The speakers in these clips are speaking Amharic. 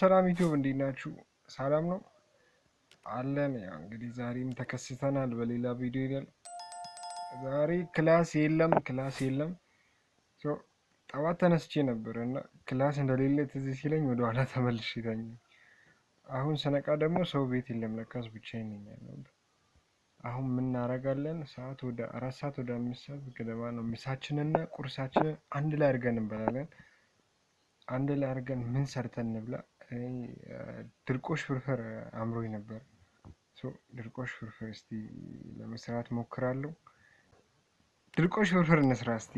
ሰላም ዩቲዩብ እንዴት ናችሁ? ሰላም ነው አለን። ያው እንግዲህ ዛሬም ተከስተናል በሌላ ቪዲዮ ይላል። ዛሬ ክላስ የለም ክላስ የለም። ጠዋት ተነስቼ ነበር እና ክላስ እንደሌለ ትዝ ሲለኝ ወደኋላ ተመልሼ አሁን ስነቃ ደግሞ ሰው ቤት የለም፣ ለካስ ብቻዬን ነኝ አሁን ምናረጋለን? ሰዓት ወደ አራት ሰዓት ወደ አምስት ሰዓት ገደማ ነው ምሳችንና ቁርሳችንን አንድ ላይ አድርገን እንበላለን። አንድ ላይ አድርገን ምን ሰርተን እንብላ ድርቆሽ ፍርፍር አምሮኝ ነበር። ድርቆሽ ፍርፍር እስቲ ለመስራት ሞክራለሁ። ድርቆሽ ፍርፍር እንስራ እስቲ።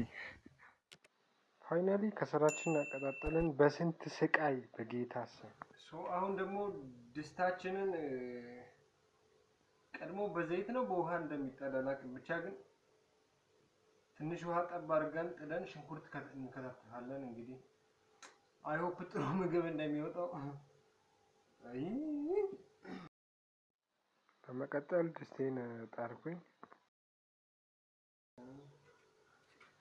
ፋይናሊ ከስራችን አቀጣጠልን በስንት ስቃይ በጌታ ስም። አሁን ደግሞ ድስታችንን ቀድሞ በዘይት ነው በውሃ እንደሚጠለላቅ ብቻ ግን ትንሽ ውሃ ጠብ አድርገን ጥደን ሽንኩርት እንከተፍታለን እንግዲህ አይሆፕ ጥሩ ምግብ እንደሚወጣው። በመቀጠል ድስቴን ጣርኩኝ።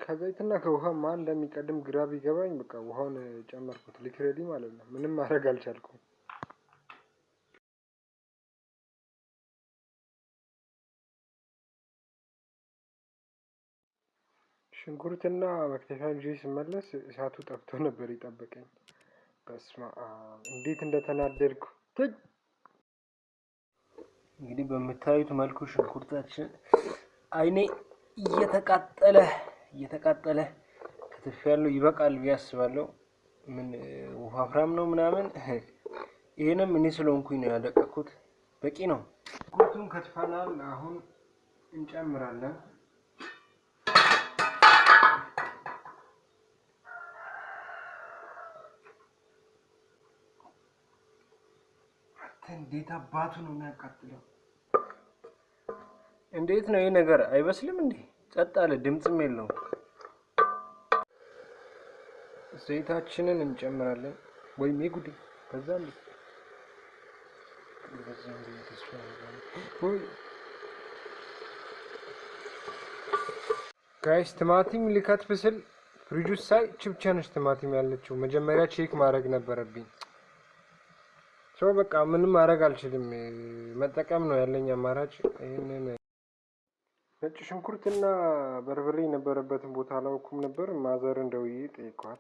ከዘይትና ከውሃ ማን እንደሚቀድም ግራ ቢገባኝ በቃ ውሃውን ጨመርኩት። ሊትሬሊ ማለት ነው። ምንም ማድረግ አልቻልኩም። ሽንኩርትና መክተፊያ ይዤ ስመለስ እሳቱ ጠፍቶ ነበር የጠበቀኝ። በስመ አብ እንዴት እንደተናደድኩ! እንግዲህ በምታዩት መልኩ ሽንኩርታችን አይኔ እየተቃጠለ እየተቃጠለ ክትፍ ያለው ይበቃል ብዬ አስባለሁ። ምን ወፋፍራም ነው ምናምን። ይህንም እኔ ስለሆንኩኝ ነው ያደቀኩት። በቂ ነው። ሽንኩርቱን ከትፈናል። አሁን እንጨምራለን እንዴት አባቱ ነው የሚያቃጥለው? እንዴት ነው ይህ ነገር አይበስልም እንዴ? ጸጥ አለ፣ ድምፅም የለውም። ዘይታችንን እንጨምራለን ወይም የጉዴ ከዛ ጋይስ ቲማቲም ልከት ብስል ፍሪጁ ሳይ ችብቻ ነች ቲማቲም ያለችው። መጀመሪያ ቼክ ማድረግ ነበረብኝ። ሶ በቃ ምንም ማድረግ አልችልም። መጠቀም ነው ያለኝ አማራጭ። ይህንን ነጭ ሽንኩርትና በርበሬ የነበረበትን ቦታ አላውኩም ነበር። ማዘር ደውዬ ጠይኳት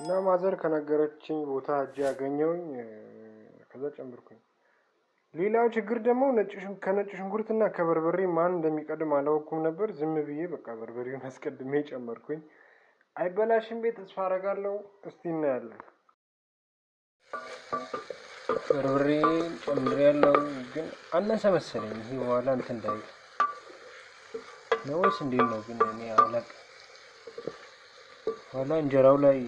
እና ማዘር ከነገረችኝ ቦታ እጅ ያገኘውኝ ከዛ ጨምርኩኝ። ሌላው ችግር ደግሞ ከነጭ ሽንኩርትና ከበርበሬ ማን እንደሚቀድም አላወኩም ነበር። ዝም ብዬ በቃ በርበሬውን አስቀድሜ ጨመርኩኝ። አይበላሽም ቤት ተስፋ አረጋለው። እስቲ እናያለን። በርበሬ ጨምሬ ያለው ግን አነሰ መሰለኝ። ይሄ በኋላ እንትን እንዳይ ነውስ እንዴት ነው ግን እኔ አላቅ በኋላ እንጀራው ላይ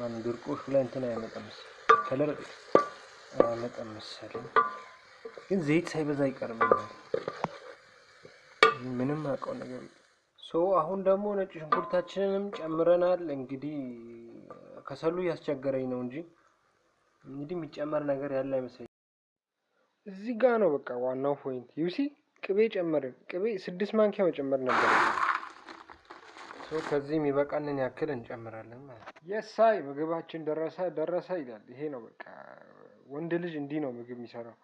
ማነው ድርቆሹ ላይ እንትን አይመጣም ከለር አይመጣም መሰለኝ። ግን ዘይት ሳይበዛ አይቀርም። ምንም አውቀው ነገር ሶ አሁን ደግሞ ነጭ ሽንኩርታችንንም ጨምረናል። እንግዲህ ከሰሉ እያስቸገረኝ ነው እንጂ እንግዲህ የሚጨመር ነገር ያለ አይመስለኝም። እዚህ ጋ ነው በቃ ዋናው ፖይንት ዩሲ ቅቤ ጨመርን። ቅቤ ስድስት ማንኪያ መጨመር ነበር። ከዚህ የሚበቃንን ያክል እንጨምራለን ማለት የሳይ ምግባችን ደረሰ ደረሰ ይላል። ይሄ ነው በቃ ወንድ ልጅ እንዲህ ነው ምግብ የሚሰራው።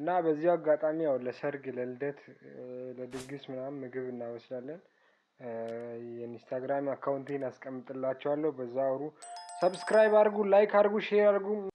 እና በዚህ አጋጣሚ ያው ለሰርግ፣ ለልደት፣ ለድግስ ምናምን ምግብ እናበስላለን። የኢንስታግራም አካውንቴን አስቀምጥላቸዋለሁ። በዛ አውሩ፣ ሰብስክራይብ አድርጉ፣ ላይክ አድርጉ፣ ሼር አድርጉ።